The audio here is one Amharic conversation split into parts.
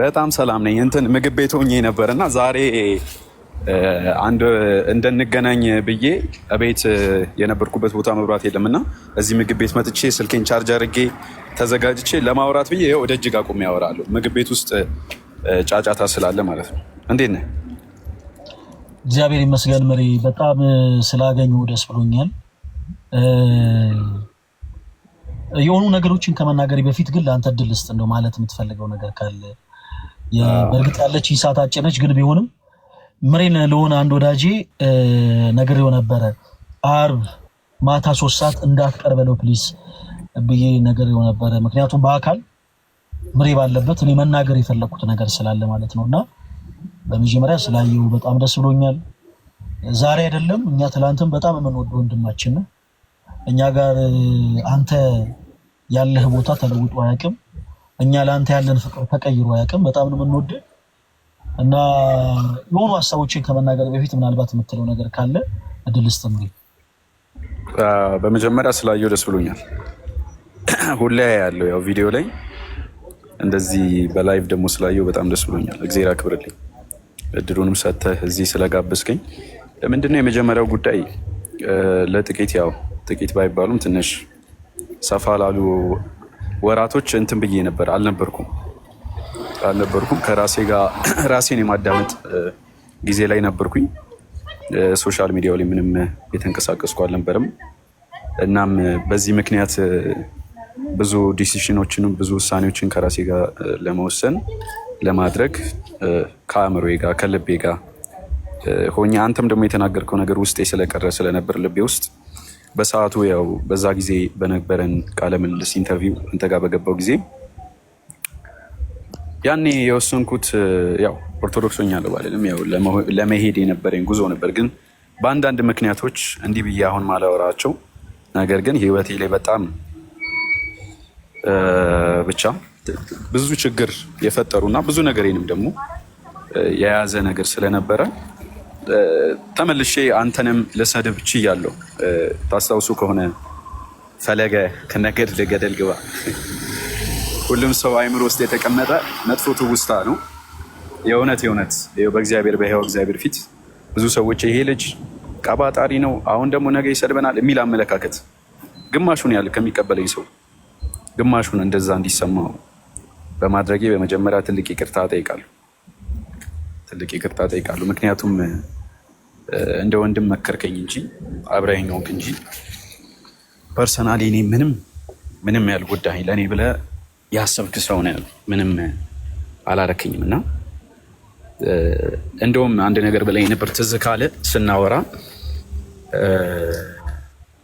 በጣም ሰላም ነኝ። እንትን ምግብ ቤት ሆኜ ነበር እና ዛሬ አንድ እንደንገናኝ ብዬ እቤት የነበርኩበት ቦታ መብራት የለም እና እዚህ ምግብ ቤት መጥቼ ስልኬን ቻርጅ አድርጌ ተዘጋጅቼ ለማውራት ብዬ ይኸው እደጅ ጋር ቁሜ ምግብ ቤት ውስጥ ጫጫታ ስላለ ማለት ነው። እንዴት ነህ? እግዚአብሔር ይመስገን መሪ፣ በጣም ስላገኙ ደስ ብሎኛል። የሆኑ ነገሮችን ከመናገር በፊት ግን ለአንተ እድል ስጥ፣ እንደው ማለት የምትፈልገው ነገር ካለ በእርግጥ ያለች ይሳት አጭነች ግን ቢሆንም ምሬን ለሆነ አንድ ወዳጄ ነግሬው ነበረ። አርብ ማታ ሶስት ሰዓት እንዳትቀርበለው ፕሊስ ብዬ ነግሬው ነበረ። ምክንያቱም በአካል ምሬ ባለበት እኔ መናገር የፈለግኩት ነገር ስላለ ማለት ነው። እና በመጀመሪያ ስላየው በጣም ደስ ብሎኛል። ዛሬ አይደለም እኛ ትላንትም በጣም የምንወደው ወንድማችን እኛ ጋር አንተ ያለህ ቦታ ተለውጦ አያውቅም። እኛ ለአንተ ያለን ፍቅር ተቀይሮ አያውቅም። በጣም ነው የምንወድ እና የሆኑ ሀሳቦችን ከመናገር በፊት ምናልባት የምትለው ነገር ካለ እድል ስጥ። በመጀመሪያ ስላየው ደስ ብሎኛል። ሁሌ ያለው ያው ቪዲዮ ላይ እንደዚህ በላይቭ ደግሞ ስላየው በጣም ደስ ብሎኛል። እግዜር አክብርልኝ፣ እድሉንም ሰተህ እዚህ ስለጋበዝከኝ። ለምንድነው የመጀመሪያው ጉዳይ ለጥቂት ያው ጥቂት ባይባሉም ትንሽ ሰፋ ላሉ ወራቶች እንትን ብዬ ነበር አልነበርኩም አልነበርኩም ከራሴ ጋር ራሴን የማዳመጥ ጊዜ ላይ ነበርኩኝ። ሶሻል ሚዲያው ላይ ምንም የተንቀሳቀስኩ አልነበርም። እናም በዚህ ምክንያት ብዙ ዲሲሽኖችንም ብዙ ውሳኔዎችን ከራሴ ጋር ለመወሰን ለማድረግ ከአእምሮዬ ጋር ከልቤ ጋር ሆኜ አንተም ደግሞ የተናገርከው ነገር ውስጤ ስለቀረ ስለነበር ልቤ ውስጥ በሰዓቱ ያው በዛ ጊዜ በነበረን ቃለ ምልልስ ኢንተርቪው አንተ ጋር በገባው ጊዜ ያኔ የወሰንኩት ያው ኦርቶዶክስ ሆኛለሁ ያው ለመሄድ የነበረኝ ጉዞ ነበር። ግን በአንዳንድ ምክንያቶች እንዲህ ብዬ አሁን ማላወራቸው ነገር ግን ህይወቴ ላይ በጣም ብቻ ብዙ ችግር የፈጠሩና ብዙ ነገሬንም ደግሞ የያዘ ነገር ስለነበረ ተመልሼ አንተንም ልሰድብ ችያለሁ። ታስታውሱ ከሆነ ፈለገ ከነገድ ለገደል ግባ ሁሉም ሰው አይምሮ ውስጥ የተቀመጠ መጥፎ ትውስታ ነው። የእውነት የእውነት በእግዚአብሔር በሕያው እግዚአብሔር ፊት ብዙ ሰዎች ይሄ ልጅ ቀባጣሪ ነው፣ አሁን ደግሞ ነገ ይሰድበናል የሚል አመለካከት ግማሹን ያህል ከሚቀበለኝ ሰው ግማሹን እንደዛ እንዲሰማው በማድረጌ በመጀመሪያ ትልቅ ይቅርታ ጠይቃለሁ። ትልቅ ይቅርታ ጠይቃለሁ። ምክንያቱም እንደ ወንድም መከርከኝ እንጂ አብረኸኝ ሆንክ እንጂ ፐርሰናሊ እኔ ምንም ምንም ያልጎዳኸኝ ለእኔ ብለ ያሰብክ ስለሆነ ምንም አላረከኝም እና እንደውም አንድ ነገር በላይ ነበር ትዝ ካለ ስናወራ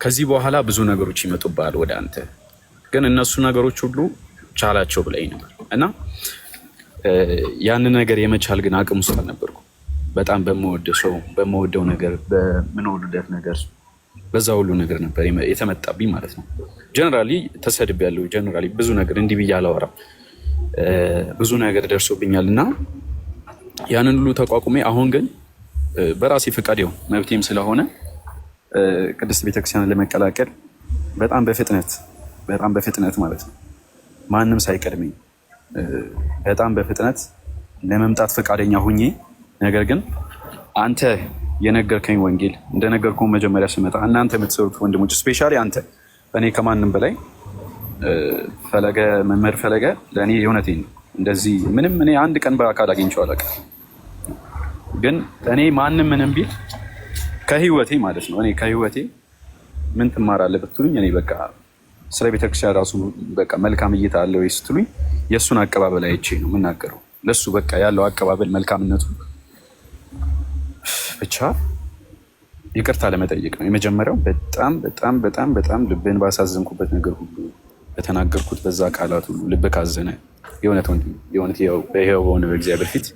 ከዚህ በኋላ ብዙ ነገሮች ይመጡብሃል ወደ አንተ ግን እነሱ ነገሮች ሁሉ ቻላቸው ብላይ ነበር እና ያን ነገር የመቻል ግን አቅም ውስጥ አልነበርኩ። በጣም በመወደ ሰው በመወደው ነገር በምንወዱለት ነገር በዛ ሁሉ ነገር ነበር የተመጣብኝ ማለት ነው። ጀነራሊ ያለው ጀነራሊ ብዙ ነገር እንዲህ ብዬ አላወራም። ብዙ ነገር ደርሶብኛል እና ያንን ሁሉ ተቋቁሜ አሁን ግን በራሴ ፈቃድ ያው መብቴም ስለሆነ ቅድስት ቤተክርስቲያን ለመቀላቀል በጣም በፍጥነት በጣም በፍጥነት ማለት ነው ማንም ሳይቀድመኝ በጣም በፍጥነት ለመምጣት ፈቃደኛ ሁኜ ነገር ግን አንተ የነገርከኝ ወንጌል እንደነገርኩ መጀመሪያ ስመጣ እናንተ የምትሰሩት ወንድሞች ስፔሻሊ አንተ እኔ ከማንም በላይ ፈለገ መምህር ፈለገ ለእኔ የእውነቴን ነው። እንደዚህ ምንም እኔ አንድ ቀን በአካል አግኝቼው አላውቅም። ግን እኔ ማንም ምንም ቢል ከህይወቴ ማለት ነው እኔ ከህይወቴ ምን ትማራለህ ብትሉኝ እኔ በቃ ስለ ቤተክርስቲያን ራሱ በቃ መልካም እይታ አለ ወይ ስትሉኝ የእሱን አቀባበል አይቼ ነው የምናገረው። ለሱ በቃ ያለው አቀባበል መልካምነቱ ብቻ ይቅርታ ለመጠየቅ ነው። የመጀመሪያው በጣም በጣም በጣም በጣም ልብን ባሳዘንኩበት ነገር ሁሉ በተናገርኩት በዛ ቃላት ሁሉ ልብ ካዘነ የእውነት ወንድም የእውነት በሆነ በእግዚአብሔር ፊት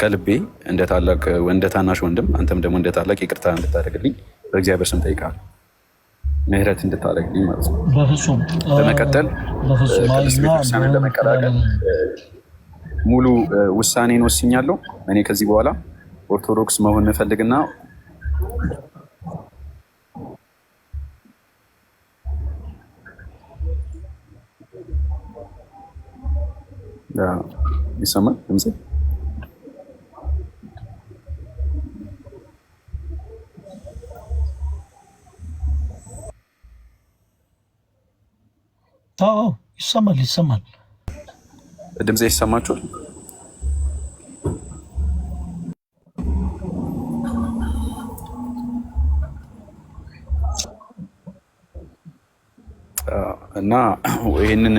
ከልቤ እንደ ታላቅ እንደ ታናሽ ወንድም አንተም ደግሞ እንደ ታላቅ ይቅርታ እንድታደርግልኝ በእግዚአብሔር ስም ጠይቃል። ምህረት እንድታደርግልኝ ማለት ነው። በፍጹም በመቀጠል ቤተክርስቲያንን ለመቀላቀል ሙሉ ውሳኔን ወስኛለሁ እኔ ከዚህ በኋላ ኦርቶዶክስ መሆን እንፈልግና ይሰማል ድምጼ? ይሰማል ይሰማል። ድምጼ ይሰማችኋል? ይህንን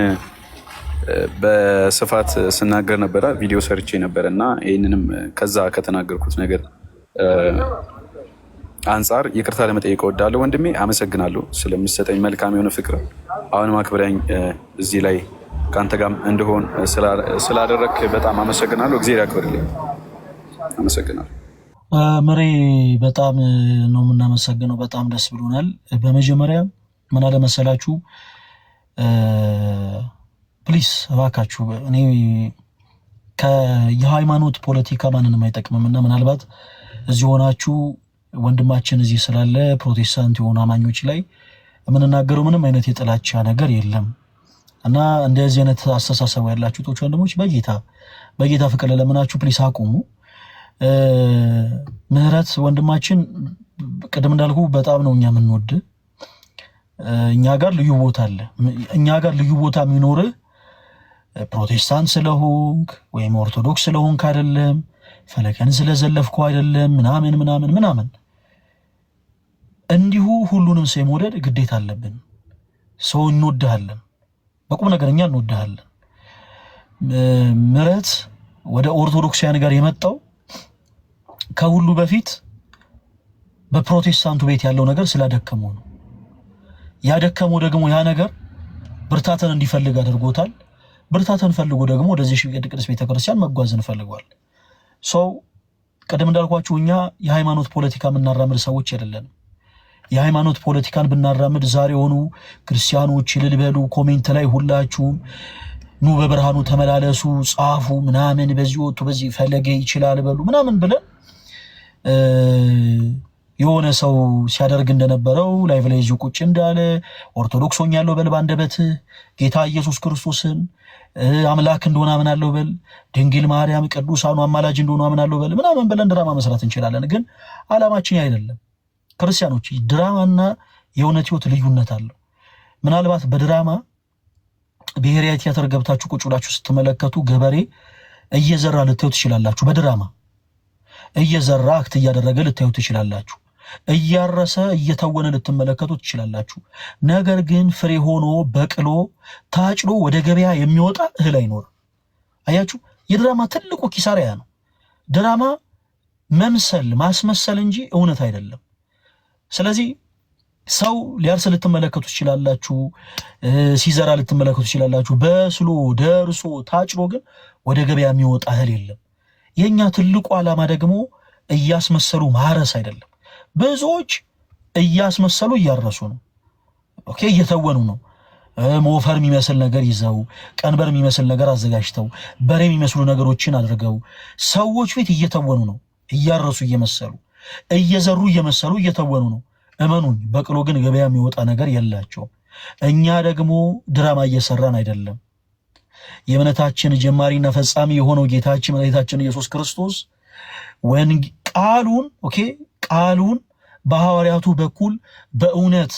በስፋት ስናገር ነበረ፣ ቪዲዮ ሰርቼ ነበረ እና ይህንንም ከዛ ከተናገርኩት ነገር አንጻር ይቅርታ ለመጠየቅ እወዳለሁ። ወንድሜ አመሰግናለሁ ስለምሰጠኝ መልካም የሆነ ፍቅር፣ አሁንም አክብረኝ እዚህ ላይ ከአንተ ጋር እንደሆን ስላደረክ በጣም አመሰግናለሁ። እግዜር ያክብርልኝ። አመሰግናለሁ መሬ፣ በጣም ነው የምናመሰግነው። በጣም ደስ ብሎናል። በመጀመሪያ ምን አለመሰላችሁ ፕሊስ እባካችሁ እኔ የሃይማኖት ፖለቲካ ማንንም አይጠቅምም እና ምናልባት እዚህ ሆናችሁ ወንድማችን እዚህ ስላለ ፕሮቴስታንት የሆኑ አማኞች ላይ የምንናገረው ምንም አይነት የጥላቻ ነገር የለም እና እንደዚህ አይነት አስተሳሰብ ያላችሁ ቶች ወንድሞች በጌታ በጌታ ፍቅር ለምናችሁ ፕሊስ አቁሙ። ምህረት ወንድማችን ቅድም እንዳልኩ በጣም ነው እኛ የምንወድ እኛ ጋር ልዩ ቦታ አለ። እኛ ጋር ልዩ ቦታ የሚኖር ፕሮቴስታንት ስለሆንክ ወይም ኦርቶዶክስ ስለሆንክ አይደለም፣ ፈለከን ስለዘለፍኩ አይደለም፣ ምናምን ምናምን ምናምን። እንዲሁ ሁሉንም ሰው መውደድ ግዴታ አለብን። ሰው እንወድሃለን፣ በቁም ነገር እኛ እንወድሃለን። ምረት ወደ ኦርቶዶክሳውያን ጋር የመጣው ከሁሉ በፊት በፕሮቴስታንቱ ቤት ያለው ነገር ስላደከመው ነው። ያደከመው ደግሞ ያ ነገር ብርታተን እንዲፈልግ አድርጎታል። ብርታተን ፈልጎ ደግሞ ወደዚህ ቅድስት ቤተክርስቲያን መጓዝን ፈልጓል። ሰው ቅድም እንዳልኳችሁ እኛ የሃይማኖት ፖለቲካ የምናራምድ ሰዎች አይደለንም። የሃይማኖት ፖለቲካን ብናራምድ ዛሬ የሆኑ ክርስቲያኖች ልልበሉ ኮሜንት ላይ ሁላችሁም ኑ በብርሃኑ ተመላለሱ ጻፉ ምናምን በዚህ ወጡ በዚህ ፈለገ ይችላል በሉ ምናምን ብለን የሆነ ሰው ሲያደርግ እንደነበረው ላይቭ ላይ ይዤ ቁጭ እንዳለ ኦርቶዶክስ ሆኛለሁ በል፣ በአንደበት ጌታ ኢየሱስ ክርስቶስን አምላክ እንደሆነ አምናለሁ በል፣ ድንግል ማርያም ቅዱሳኑ አማላጅ እንደሆነ አምናለሁ በል ምናምን ብለን ድራማ መስራት እንችላለን። ግን አላማችን አይደለም። ክርስቲያኖች፣ ድራማና የእውነት ህይወት ልዩነት አለው። ምናልባት በድራማ ብሔራዊ ቲያትር ገብታችሁ ቁጭ ብላችሁ ስትመለከቱ ገበሬ እየዘራ ልታዩ ትችላላችሁ። በድራማ እየዘራ አክት እያደረገ ልታዩ ትችላላችሁ። እያረሰ እየተወነ ልትመለከቱ ትችላላችሁ። ነገር ግን ፍሬ ሆኖ በቅሎ ታጭሎ ወደ ገበያ የሚወጣ እህል አይኖርም። አያችሁ፣ የድራማ ትልቁ ኪሳሪያ ነው። ድራማ መምሰል ማስመሰል እንጂ እውነት አይደለም። ስለዚህ ሰው ሊያርስ ልትመለከቱ ትችላላችሁ፣ ሲዘራ ልትመለከቱ ትችላላችሁ። በስሎ ደርሶ ታጭሎ ግን ወደ ገበያ የሚወጣ እህል የለም። የእኛ ትልቁ ዓላማ ደግሞ እያስመሰሉ ማረስ አይደለም። ብዙዎች እያስመሰሉ እያረሱ ነው። ኦኬ እየተወኑ ነው። ሞፈር የሚመስል ነገር ይዘው ቀንበር የሚመስል ነገር አዘጋጅተው በሬ የሚመስሉ ነገሮችን አድርገው ሰዎች ፊት እየተወኑ ነው። እያረሱ እየመሰሉ እየዘሩ እየመሰሉ እየተወኑ ነው። እመኑኝ፣ በቅሎ ግን ገበያ የሚወጣ ነገር የላቸውም። እኛ ደግሞ ድራማ እየሰራን አይደለም። የእምነታችን ጀማሪና ፈጻሚ የሆነው ጌታችን መድኃኒታችን ኢየሱስ ክርስቶስ ቃሉን ኦኬ ቃሉን በሐዋርያቱ በኩል በእውነት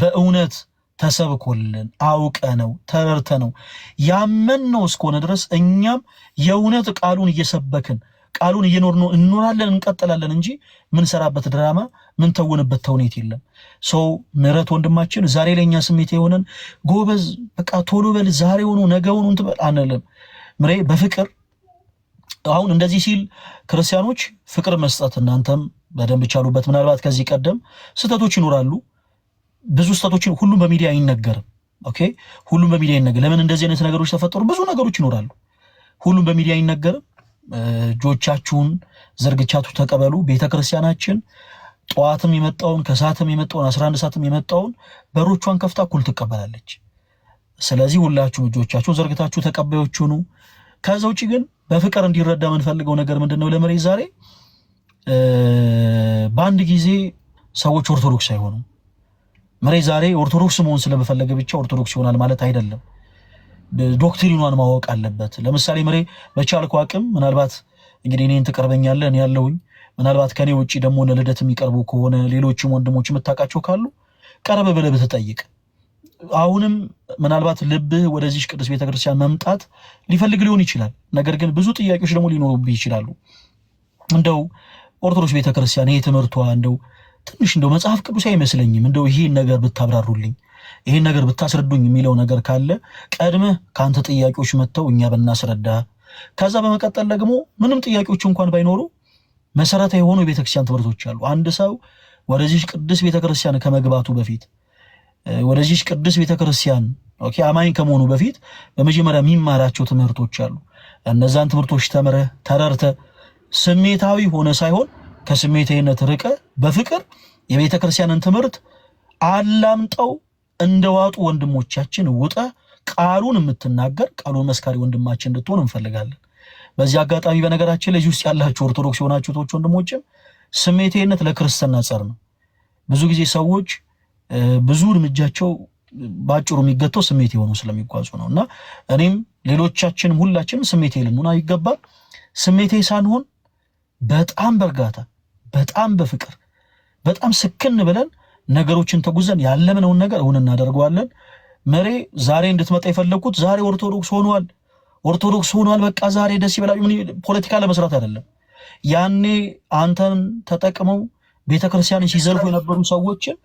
በእውነት ተሰብኮልን አውቀ ነው ተረርተ ነው ያመን ነው እስከሆነ ድረስ እኛም የእውነት ቃሉን እየሰበክን ቃሉን እየኖር ነው እንኖራለን፣ እንቀጥላለን እንጂ ምንሰራበት ድራማ ምንተውንበት ተውኔት የለም። ሰው ምረት ወንድማችን ዛሬ ለእኛ ስሜት የሆነን ጎበዝ፣ በቃ ቶሎ በል ዛሬ ሆኖ ነገ ሆኖ አንልም። ምሬ በፍቅር አሁን እንደዚህ ሲል ክርስቲያኖች ፍቅር መስጠት እናንተም በደንብ ቻሉበት። ምናልባት ከዚህ ቀደም ስህተቶች ይኖራሉ፣ ብዙ ስህተቶችን ሁሉም በሚዲያ አይነገርም። ኦኬ ሁሉም በሚዲያ አይነገርም። ለምን እንደዚህ አይነት ነገሮች ተፈጠሩ? ብዙ ነገሮች ይኖራሉ፣ ሁሉም በሚዲያ አይነገርም። እጆቻችሁን ዘርግቻችሁ ተቀበሉ። ቤተክርስቲያናችን ጠዋትም የመጣውን ከሰዓትም የመጣውን አስራ አንድ ሰዓትም የመጣውን በሮቿን ከፍታ እኩል ትቀበላለች። ስለዚህ ሁላችሁም እጆቻችሁን ዘርግታችሁ ተቀባዮች ሁኑ። ከዛ ውጭ ግን በፍቅር እንዲረዳ የምንፈልገው ነገር ምንድን ነው? ለመሬት ዛሬ በአንድ ጊዜ ሰዎች ኦርቶዶክስ አይሆኑም። መሬት ዛሬ ኦርቶዶክስ መሆን ስለመፈለገ ብቻ ኦርቶዶክስ ይሆናል ማለት አይደለም። ዶክትሪኗን ማወቅ አለበት። ለምሳሌ መሬ በቻልኩ አቅም ምናልባት እንግዲህ እኔን ትቀርበኛለ እኔ ያለውኝ ምናልባት ከኔ ውጭ ደግሞ ለልደት የሚቀርቡ ከሆነ ሌሎችም ወንድሞች የምታውቃቸው ካሉ ቀረበ ብለህ ብትጠይቅ አሁንም ምናልባት ልብህ ወደዚች ቅዱስ ቤተክርስቲያን መምጣት ሊፈልግ ሊሆን ይችላል። ነገር ግን ብዙ ጥያቄዎች ደግሞ ሊኖሩብህ ይችላሉ። እንደው ኦርቶዶክስ ቤተክርስቲያን ይሄ ትምህርቷ እንደው ትንሽ እንደው መጽሐፍ ቅዱስ አይመስለኝም፣ እንደው ይሄን ነገር ብታብራሩልኝ፣ ይሄን ነገር ብታስረዱኝ የሚለው ነገር ካለ ቀድመህ ከአንተ ጥያቄዎች መጥተው እኛ ብናስረዳ፣ ከዛ በመቀጠል ደግሞ ምንም ጥያቄዎች እንኳን ባይኖሩ መሰረታዊ የሆኑ የቤተክርስቲያን ትምህርቶች አሉ። አንድ ሰው ወደዚህ ቅዱስ ቤተክርስቲያን ከመግባቱ በፊት ወደዚች ቅዱስ ቤተክርስቲያን ኦኬ አማኝ ከመሆኑ በፊት በመጀመሪያ የሚማራቸው ትምህርቶች አሉ። እነዛን ትምህርቶች ተምረህ ተረርተህ ስሜታዊ ሆነ ሳይሆን ከስሜታዊነት ርቀ በፍቅር የቤተክርስቲያንን ትምህርት አላምጠው እንደዋጡ ወንድሞቻችን ውጠ ቃሉን የምትናገር ቃሉን መስካሪ ወንድማችን እንድትሆን እንፈልጋለን። በዚህ አጋጣሚ በነገራችን ላይ ውስጥ ያላችሁ ኦርቶዶክስ የሆናችሁ ወንድሞችም ስሜታዊነት ለክርስትና ጸር ነው። ብዙ ጊዜ ሰዎች ብዙ እርምጃቸው በአጭሩ የሚገተው ስሜት የሆኑ ስለሚጓዙ ነው እና እኔም ሌሎቻችንም ሁላችንም ስሜቴ ልንሆን አይገባም። ስሜቴ ሳንሆን በጣም በእርጋታ በጣም በፍቅር በጣም ስክን ብለን ነገሮችን ተጉዘን ያለምነውን ነገር እውን እናደርገዋለን። መሬ ዛሬ እንድትመጣ የፈለግኩት ዛሬ ኦርቶዶክስ ሆኗል ኦርቶዶክስ ሆኗል በቃ ዛሬ ደስ ይበላችሁ ፖለቲካ ለመስራት አይደለም። ያኔ አንተን ተጠቅመው ቤተክርስቲያን ሲዘልፉ የነበሩ ሰዎችን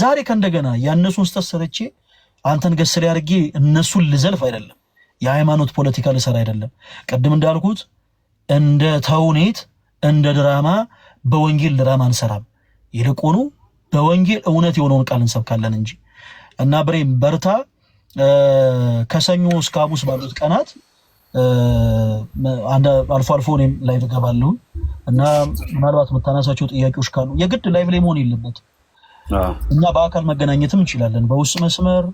ዛሬ ከእንደገና ያነሱን ስተት አንተን ገስሬ አድርጌ እነሱን ልዘልፍ አይደለም። የሃይማኖት ፖለቲካ ልሰራ አይደለም። ቅድም እንዳልኩት እንደ ተውኔት እንደ ድራማ በወንጌል ድራማ አንሰራም። ይልቁኑ በወንጌል እውነት የሆነውን ቃል እንሰብካለን እንጂ እና ብሬም በርታ። ከሰኞ እስከ ሐሙስ ባሉት ቀናት አልፎ አልፎ እኔም ላይቭ እገባለሁ እና ምናልባት የምታነሳቸው ጥያቄዎች ካሉ የግድ ላይቭ ላይ መሆን የለበት እኛ በአካል መገናኘትም እንችላለን። በውስጥ መስመር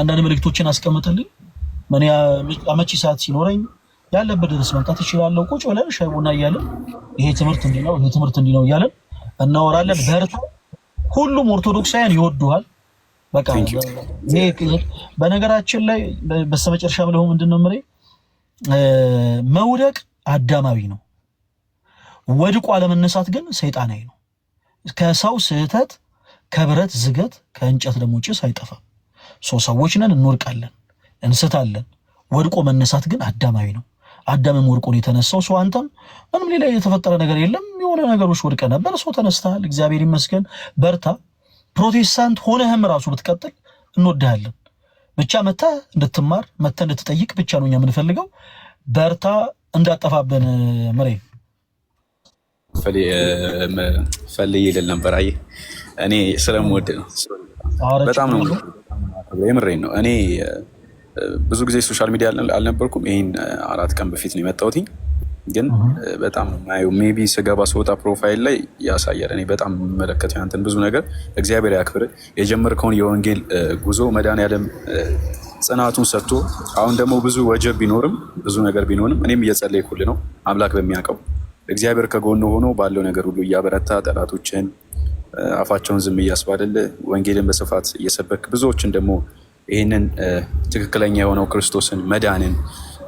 አንዳንድ ምልክቶችን አስቀምጥልኝ። እኔ አመቺ ሰዓት ሲኖረኝ ያለበት ድረስ መምጣት እችላለሁ። ቁጭ ብለን ሻይ ቡና እያለን ይሄ ትምህርት እንዲህ ነው፣ ይሄ ትምህርት እንዲህ ነው እያለን እናወራለን። በርታ ሁሉም ኦርቶዶክሳውያን ይወዱሃል። በቃ በነገራችን ላይ በስተመጨረሻ ብለው ምንድን ነው መውደቅ አዳማዊ ነው። ወድቆ አለመነሳት ግን ሰይጣናዊ ነው። ከሰው ስህተት፣ ከብረት ዝገት፣ ከእንጨት ደግሞ ጭስ አይጠፋም። ሰው ሰዎች ነን፣ እንወድቃለን፣ እንስታለን። ወድቆ መነሳት ግን አዳማዊ ነው። አዳምም ወድቆን የተነሳው ሰው አንተም ምንም ሌላ የተፈጠረ ነገር የለም። የሆነ ነገሮች ወድቀ ነበር፣ ሰው ተነስተሃል። እግዚአብሔር ይመስገን፣ በርታ። ፕሮቴስታንት ሆነህም ራሱ ብትቀጥል እንወድሃለን። ብቻ መታ እንድትማር መተ እንድትጠይቅ ብቻ ነው እኛ የምንፈልገው። በርታ፣ እንዳጠፋብን ምሬ ፈልዬ ልል ነበር። አይ እኔ ስለምወድ ነው፣ በጣም ነው የምሬን ነው። እኔ ብዙ ጊዜ ሶሻል ሚዲያ አልነበርኩም። ይህን አራት ቀን በፊት ነው የመጣሁትኝ፣ ግን በጣም ማየው የማየው። ሜይ ቢ ስገባ ስወጣ ፕሮፋይል ላይ ያሳያል። እኔ በጣም የምመለከተው ያንተን ብዙ ነገር። እግዚአብሔር ያክብር የጀመርከውን የወንጌል ጉዞ መድኃኔዓለም ጽናቱን ሰጥቶ አሁን ደግሞ ብዙ ወጀብ ቢኖርም ብዙ ነገር ቢኖርም እኔም እየጸለይኩልህ ነው አምላክ በሚያውቀው እግዚአብሔር ከጎን ሆኖ ባለው ነገር ሁሉ እያበረታ ጠላቶችን አፋቸውን ዝም እያስባለል ወንጌልን በስፋት እየሰበክ ብዙዎችን ደግሞ ይህንን ትክክለኛ የሆነው ክርስቶስን መዳንን፣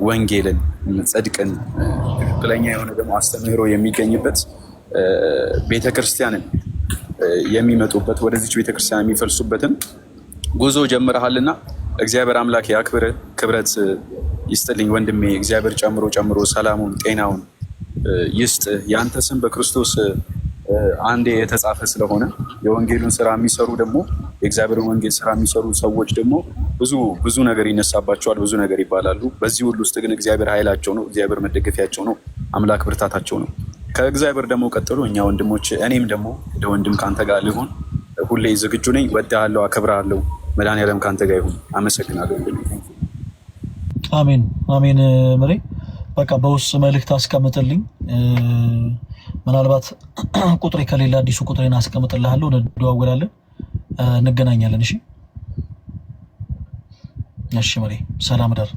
ወንጌልን፣ ጽድቅን ትክክለኛ የሆነ ደግሞ አስተምህሮ የሚገኝበት ቤተክርስቲያንን የሚመጡበት ወደዚች ቤተክርስቲያን የሚፈልሱበትን ጉዞ ጀምረሃልና እግዚአብሔር አምላክ ያክብር። ክብረት ይስጥልኝ ወንድሜ። እግዚአብሔር ጨምሮ ጨምሮ ሰላሙን ጤናውን ይስጥ። ያንተ ስም በክርስቶስ አንዴ የተጻፈ ስለሆነ የወንጌሉን ስራ የሚሰሩ ደግሞ የእግዚአብሔርን ወንጌል ስራ የሚሰሩ ሰዎች ደግሞ ብዙ ብዙ ነገር ይነሳባቸዋል፣ ብዙ ነገር ይባላሉ። በዚህ ሁሉ ውስጥ ግን እግዚአብሔር ኃይላቸው ነው፣ እግዚአብሔር መደገፊያቸው ነው፣ አምላክ ብርታታቸው ነው። ከእግዚአብሔር ደግሞ ቀጥሎ እኛ ወንድሞች፣ እኔም ደግሞ እንደ ወንድም ከአንተ ጋር ሊሆን ሁሌ ዝግጁ ነኝ። ወድሃለሁ፣ አከብርሃለሁ። መድኃኔዓለም ከአንተ ጋር ይሁን። አመሰግናለሁ። አሜን አሜን። መሬ በቃ በውስጥ መልእክት አስቀምጥልኝ። ምናልባት ቁጥሬ ከሌለ አዲሱ ቁጥሬን አስቀምጥልሃለሁ፣ እንደዋወላለን፣ እንገናኛለን። እሺ እሺ፣ መሬ ሰላም ዳር